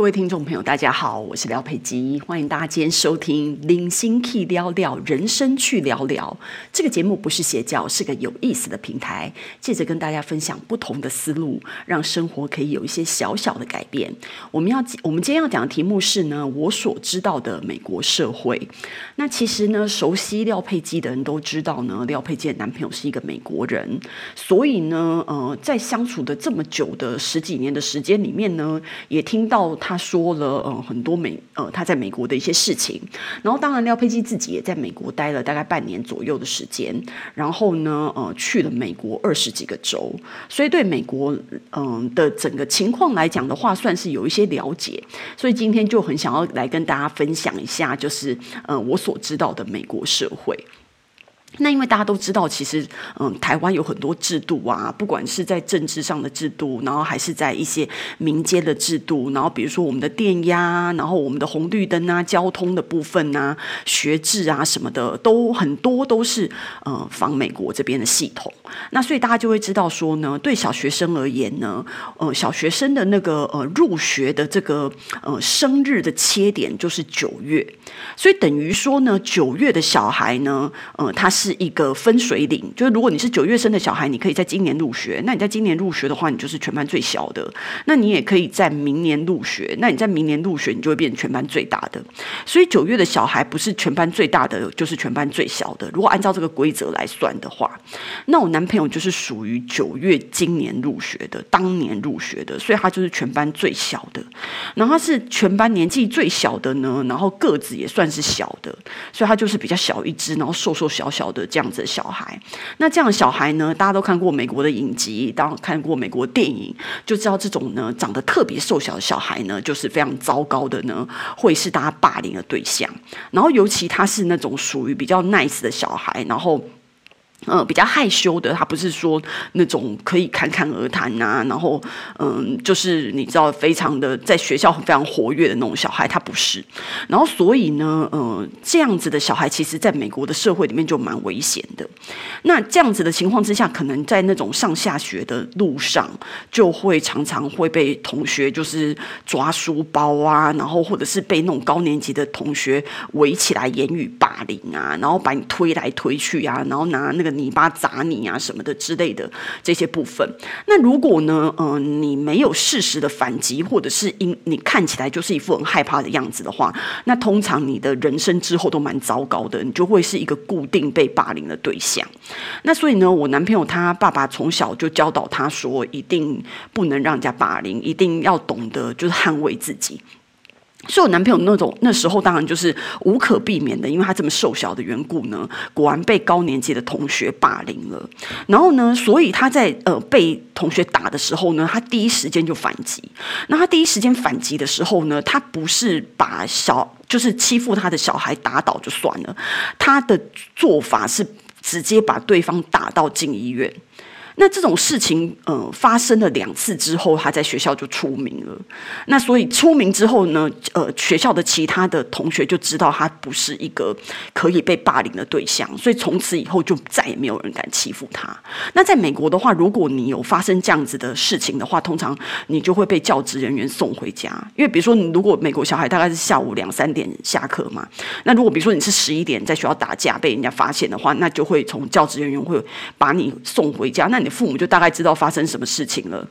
各位聽眾朋友，大家好，我是廖佩基，歡迎大家今天收聽《零星 Key 聊聊人生去聊聊》這個節目，不是邪教，是個有意思的平台，借着跟大家分享不同的思路，讓生活可以有一些小小的改變。我們要我們今天要講的題目是呢，我所知道的美國社會。那其實呢，熟悉廖佩基的人都知道呢，廖佩基的男朋友是一個美國人，所以呢，呃，在相處的這麼久的十幾年的時間裡面呢，也聽到他。他說了，嗯、呃，很多美，呃，他在美國的一些事情。然後，當然，廖佩基自己也在美國待了大概半年左右的時間。然後呢，呃，去了美國二十幾個州，所以對美國，嗯、呃，的整個情況來講的話，算是有一些了解。所以今天就很想要來跟大家分享一下，就是，嗯、呃，我所知道的美國社會。那因為大家都知道，其實嗯、呃，台灣有很多制度啊，不管是在政治上的制度，然後還是在一些民間的制度，然後比如說我們的電壓，然後我們的紅綠燈啊，交通的部分啊，學制啊什麼的，都很多都是呃仿美國這邊的系統。那所以大家就會知道說呢，對小學生而言呢，呃，小學生的那個呃入學的這個呃生日的切點就是九月，所以等於說呢，九月的小孩呢，呃，他是。是一個分水嶺，就是如果你是九月生的小孩，你可以在今年入學。那你在今年入學的話，你就是全班最小的。那你也可以在明年入學。那你在明年入學，你就會變成全班最大的。所以九月的小孩不是全班最大的，就是全班最小的。如果按照這個規則來算的話，那我男朋友就是屬於九月今年入學的，當年入學的，所以他就是全班最小的。然後他是全班年紀最小的呢，然後個子也算是小的，所以他就是比較小一隻，然後瘦瘦小小的。的這樣子的小孩，那這樣的小孩呢，大家都看過美國的影集，當看過美國電影，就知道這種呢長得特別瘦小的小孩呢，就是非常糟糕的呢，會是大家霸凌的對象。然後尤其他是那種屬於比較 nice 的小孩，然後。嗯、呃，比較害羞的，他不是說那種可以侃侃而談啊，然後嗯，就是你知道非常的在學校非常活躍的那種小孩，他不是。然後所以呢，呃，這樣子的小孩其實在美國的社會裡面就蠻危險的。那這樣子的情況之下，可能在那種上下學的路上，就會常常會被同學就是抓書包啊，然後或者是被那種高年級的同學圍起來言語霸凌啊，然後把你推來推去啊，然後拿那個。泥巴砸你啊，什麼的之類的這些部分。那如果呢，呃，你沒有適時的反擊，或者是因你看起來就是一副很害怕的樣子的話，那通常你的人生之後都蠻糟糕的，你就會是一個固定被霸凌的對象。那所以呢，我男朋友他爸爸從小就教導他說，一定不能讓人家霸凌，一定要懂得就是捍衛自己。所以我男朋友那種那時候當然就是無可避免的，因為他這麼瘦小的緣故呢，果然被高年級的同學霸凌了。然後呢，所以他在呃被同學打的時候呢，他第一時間就反擊。那他第一時間反擊的時候呢，他不是把小就是欺負他的小孩打倒就算了，他的做法是直接把對方打到進醫院。那這種事情，呃，發生了兩次之後，他在學校就出名了。那所以出名之後呢，呃，學校的其他的同學就知道他不是一個可以被霸凌的對象，所以從此以後就再也沒有人敢欺負他。那在美國的話，如果你有發生這樣子的事情的話，通常你就會被教職人員送回家，因為比如說你如果美國小孩大概是下午兩三點下課嘛，那如果比如說你是十一點在學校打架被人家發現的話，那就會從教職人員會把你送回家。那你的父母就大概知道發生什麼事情了，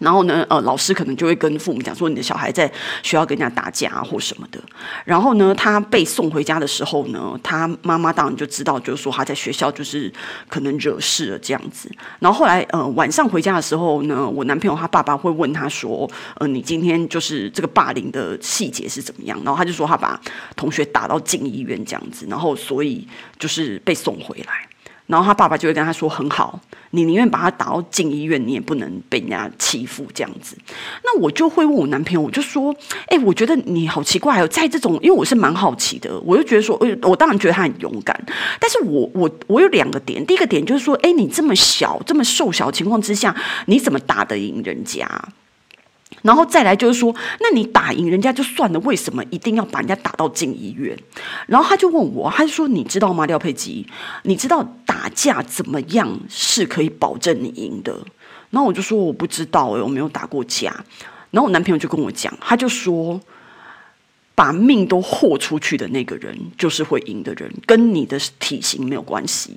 然後呢，呃，老師可能就會跟父母講說你的小孩在學校跟人家打架啊或什麼的，然後呢，他被送回家的時候呢，他媽媽當然就知道，就是說他在學校就是可能惹事了這樣子。然後後來，呃，晚上回家的時候呢，我男朋友他爸爸會問他說，呃，你今天就是這個霸凌的細節是怎麼樣？然後他就說他把同學打到進醫院這樣子，然後所以就是被送回來。然後他爸爸就會跟他說：“很好，你寧願把他打到進醫院，你也不能被人家欺負這樣子。”那我就會問我男朋友，我就說：“哎，我覺得你好奇怪哦，在這種……因為我是蠻好奇的，我就覺得說，我我當然覺得他很勇敢，但是我我我有兩個點，第一個點就是說，哎，你這麼小、這麼瘦小的情況之下，你怎麼打得贏人家？”然後再來就是說，那你打贏人家就算了，為什麼一定要把人家打到進醫院？然後他就問我，他就說：“你知道嗎，廖佩吉，你知道打架怎麼樣是可以保證你贏的？”然後我就說：“我不知道、欸，哎，我沒有打過架。”然後我男朋友就跟我講，他就說：“把命都豁出去的那個人，就是會贏的人，跟你的體型沒有關係。”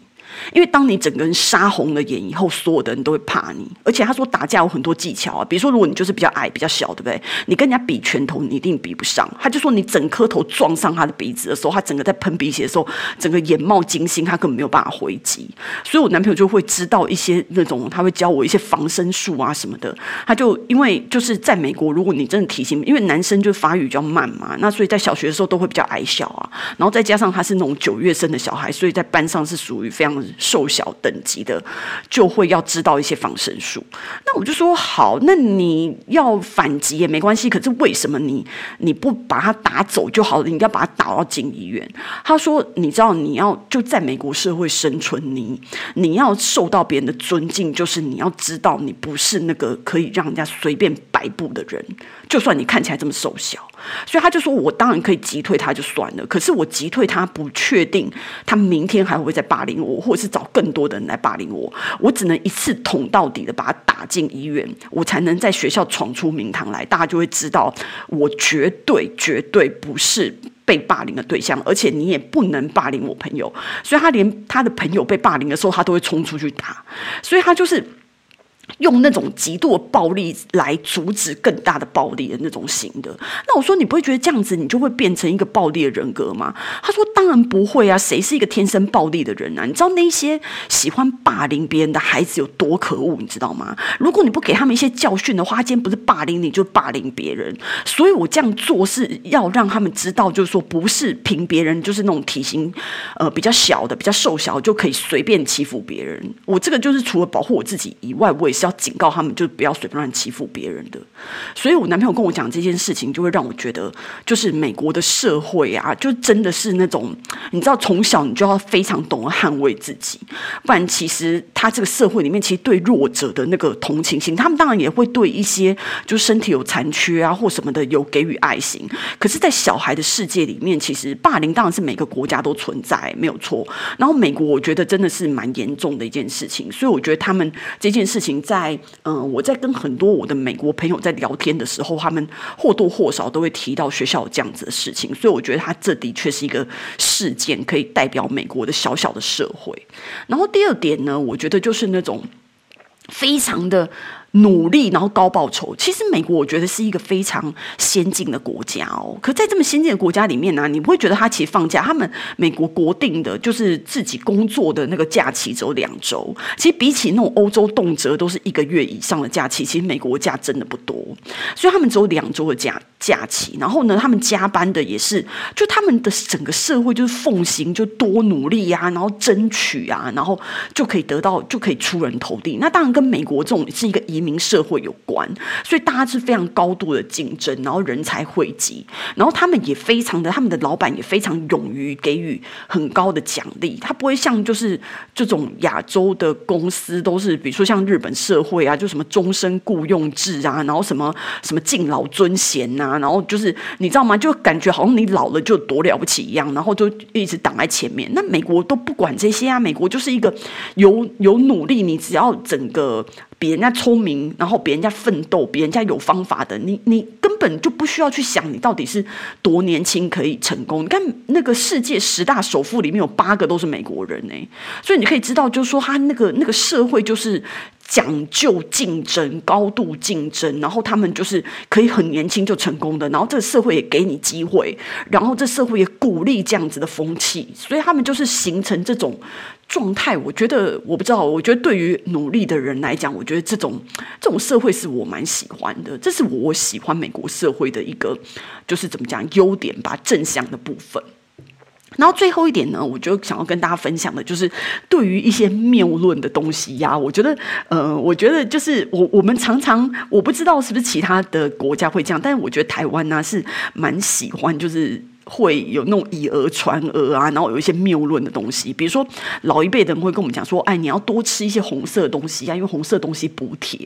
因為當你整個人殺紅了眼以後，所有的人都會怕你。而且他說打架有很多技巧啊，比如說如果你就是比較矮、比較小，對不對？你跟人家比拳頭，你一定比不上。他就說你整顆頭撞上他的鼻子的時候，他整個在噴鼻血的時候，整個眼冒金星，他根本沒有辦法回擊。所以我男朋友就會知道一些那種，他會教我一些防身術啊什麼的。他就因為就是在美國，如果你真的體型，因為男生就發育比較慢嘛，那所以在小學的時候都會比較矮小啊。然後再加上他是那種九月生的小孩，所以在班上是屬於非常。瘦小等級的就會要知道一些防身術。那我就說好，那你要反擊也沒關係。可是為什麼你你不把他打走就好了？你應該把他打到進醫院。他說：“你知道，你要就在美國社會生存，你你要受到別人的尊敬，就是你要知道你不是那個可以讓人家隨便擺布的人。就算你看起來這麼瘦小。”所以他就說，我當然可以擊退他就算了，可是我擊退他不確定他明天還會不會再霸凌我，或者是找更多的人來霸凌我。我只能一次捅到底的把他打進醫院，我才能在學校闖出名堂來，大家就會知道我絕對絕對不是被霸凌的對象，而且你也不能霸凌我朋友。所以他連他的朋友被霸凌的時候，他都會衝出去打。所以他就是。用那種極度的暴力來阻止更大的暴力的那種型的，那我說你不會覺得這樣子你就會變成一個暴力的人格嗎？他說當然不會啊，誰是一個天生暴力的人啊？你知道那些喜歡霸凌別人的孩子有多可惡，你知道嗎？如果你不給他們一些教訓的話，他今天不是霸凌你就霸凌別人。所以我這樣做是要讓他們知道，就是說不是憑別人就是那種體型呃比較小的、比較瘦小就可以隨便欺負別人。我這個就是除了保護我自己以外，為什？要警告他們，就不要隨便亂欺負別人的。所以我男朋友跟我講這件事情，就會讓我覺得，就是美國的社會啊，就真的是那種，你知道，從小你就要非常懂得捍衛自己，不然其實他這個社會裡面，其實對弱者的那個同情心，他們當然也會對一些就是身體有殘缺啊或什麼的有給予愛心。可是，在小孩的世界裡面，其實霸凌當然是每個國家都存在，沒有錯。然後美國，我覺得真的是蠻嚴重的一件事情。所以我覺得他們這件事情。在嗯，我在跟很多我的美國朋友在聊天的時候，他們或多或少都會提到學校這樣子的事情，所以我覺得他這的確是一個事件，可以代表美國的小小的社會。然後第二點呢，我覺得就是那種非常的。努力，然後高報酬。其實美國我覺得是一個非常先進的國家哦。可在這麼先進的國家裡面呢、啊，你不會覺得他其實放假？他們美國國定的就是自己工作的那個假期只有兩周。其實比起那種歐洲動輒都是一個月以上的假期，其實美國假真的不多。所以他們只有兩周的假假期。然後呢，他們加班的也是，就他們的整個社會就是奉行就多努力呀、啊，然後爭取啊，然後就可以得到就可以出人頭地。那當然跟美國這種也是一個一。民社會有關，所以大家是非常高度的競爭，然後人才匯集，然後他們也非常的，他們的老闆也非常勇於給予很高的獎勵。他不會像就是這種亞洲的公司，都是比如說像日本社會啊，就什麼終身僱傭制啊，然後什麼什麼敬老尊賢啊，然後就是你知道嗎？就感覺好像你老了就多了不起一樣，然後就一直擋在前面。那美國都不管這些啊，美國就是一個有有努力，你只要整個。比人家聰明，然後比人家奮鬥，比人家有方法的，你你根本就不需要去想你到底是多年輕可以成功。你看那個世界十大首富裡面有八個都是美國人哎，所以你可以知道，就是說他那個那個社會就是。講究競爭，高度競爭，然後他們就是可以很年輕就成功的，然後這個社會也給你機會，然後這社會也鼓勵這樣子的風氣，所以他們就是形成這種狀態。我覺得，我不知道，我覺得對於努力的人來講，我覺得這種這種社會是我蠻喜歡的，這是我喜歡美國社會的一個，就是怎麼講優點吧，正向的部分。然後最後一點呢，我就想要跟大家分享的，就是對於一些謬論的東西呀，我覺得，呃，我覺得就是我我們常常，我不知道是不是其他的國家會這樣，但是我覺得台灣呢是蠻喜歡，就是會有那種以訛傳訛啊，然後有一些謬論的東西，比如說老一輩的人會跟我們講說，哎，你要多吃一些紅色的東西呀，因為紅色東西補鐵。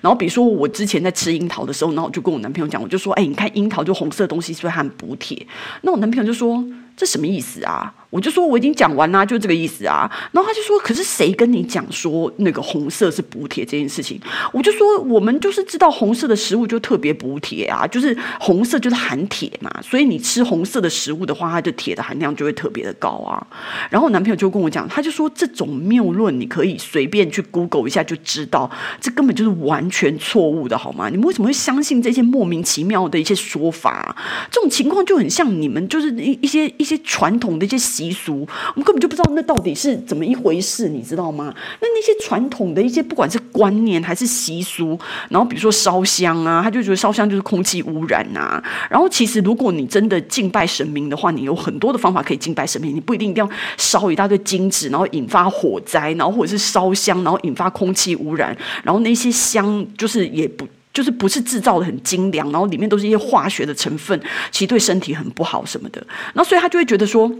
然後比如說我之前在吃櫻桃的時候，然後我就跟我男朋友講，我就說，哎，你看櫻桃就紅色的東西，是不是很補鐵？那我男朋友就說。這什麼意思啊？我就說我已經講完啦，就這個意思啊。然後他就說，可是誰跟你講說那個紅色是補鐵這件事情？我就說我們就是知道紅色的食物就特別補鐵啊，就是紅色就是含鐵嘛，所以你吃紅色的食物的話，它就鐵的含量就會特別的高啊。然後我男朋友就跟我講，他就說這種謬論你可以隨便去 Google 一下就知道，這根本就是完全錯誤的好嗎？你們為什麼會相信這些莫名其妙的一些說法？這種情況就很像你們就是一一些一些傳統的一些。習俗，我們根本就不知道那到底是怎麼一回事，你知道嗎？那那些傳統的一些，不管是觀念還是習俗，然後比如說燒香啊，他就覺得燒香就是空氣污染吶、啊。然後其實如果你真的敬拜神明的話，你有很多的方法可以敬拜神明，你不一定一定要燒一大堆金紙，然後引發火災，然後或者是燒香，然後引發空氣污染，然後那些香就是也不就是不是製造的很精良，然後裡面都是一些化學的成分，其實對身體很不好什麼的。那所以他就會覺得說。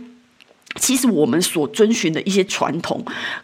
其實我們所遵循的一些傳統，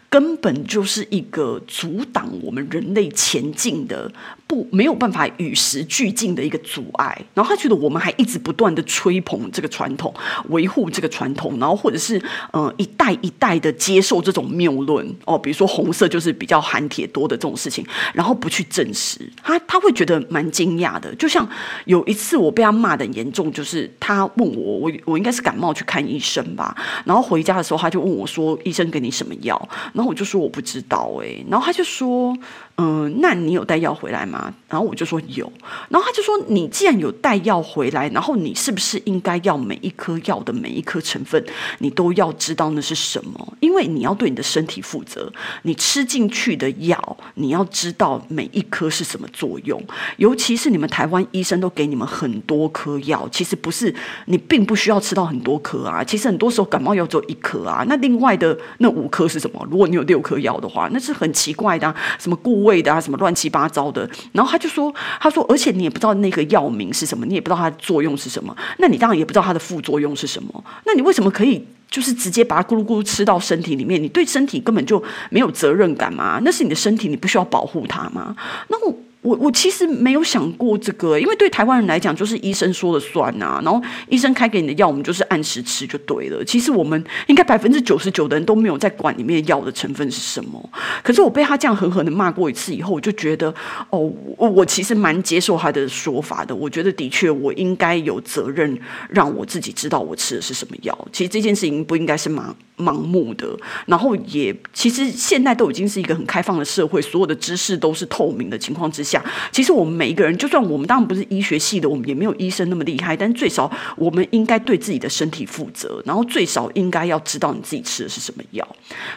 根本就是一個阻擋我們人類前進的、不沒有辦法與時俱進的一個阻礙。然後他覺得我們還一直不斷的吹捧這個傳統，維護這個傳統，然後或者是嗯、呃、一代一代的接受這種謬論哦，比如說紅色就是比較含鐵多的這種事情，然後不去證實。他他會覺得蠻驚訝的。就像有一次我被他罵得很嚴重，就是他問我我我應該是感冒去看醫生吧，然後然後回家的時候，他就問我說：“醫生給你什麼藥？”然後我就說：“我不知道。”哎，然後他就說：“嗯、呃，那你有帶藥回來嗎？”然後我就說：“有。”然後他就說：“你既然有帶藥回來，然後你是不是應該要每一顆藥的每一顆成分，你都要知道那是什麼？因為你要對你的身體負責，你吃進去的藥，你要知道每一顆是什麼作用。尤其是你們台灣醫生都給你們很多顆藥，其實不是，你並不需要吃到很多顆啊。其實很多時候感冒藥。”做一顆啊，那另外的那五顆是什麼？如果你有六顆藥的話，那是很奇怪的啊，什麼固胃的啊，什麼亂七八糟的。然後他就說，他說，而且你也不知道那個藥名是什麼，你也不知道它的作用是什麼，那你當然也不知道它的副作用是什麼。那你為什麼可以就是直接把它咕嚕咕嚕吃到身體裡面？你對身體根本就沒有責任感嘛，那是你的身體，你不需要保護它嗎？那我。我我其實沒有想過這個，因為對臺灣人來講，就是醫生說了算啊。然後醫生開給你的藥，我們就是按時吃就對了。其實我們應該百分之九十九的人都沒有在管裡面藥的成分是什麼。可是我被他這樣狠狠的罵過一次以後，我就覺得，哦，我我其實蠻接受他的說法的。我覺得的確，我應該有責任讓我自己知道我吃的是什麼藥。其實這件事情不應該是盲盲目的。然後也，其實現在都已經是一個很開放的社會，所有的知識都是透明的情況之下，其實我們每一個人，就算我們當然不是醫學系的，我們也沒有醫生那麼厲害，但最少我們應該對自己的身體負責，然後最少應該要知道你自己吃的是什麼藥。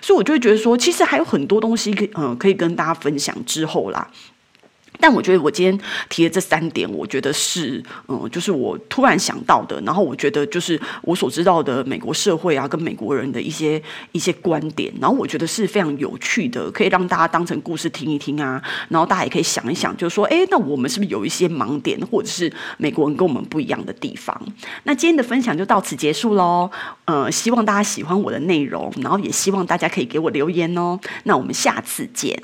所以我就會覺得說，其實還有很多東西，嗯、呃，可以跟大家分享之後啦。但我覺得我今天提的這三點，我覺得是嗯、呃，就是我突然想到的。然後我覺得就是我所知道的美國社會啊，跟美國人的一些一些觀點。然後我覺得是非常有趣的，可以讓大家當成故事聽一聽啊。然後大家也可以想一想，就是說，哎，那我們是不是有一些盲點，或者是美國人跟我們不一樣的地方？那今天的分享就到此結束嘍。呃，希望大家喜歡我的內容，然後也希望大家可以給我留言哦。那我們下次見。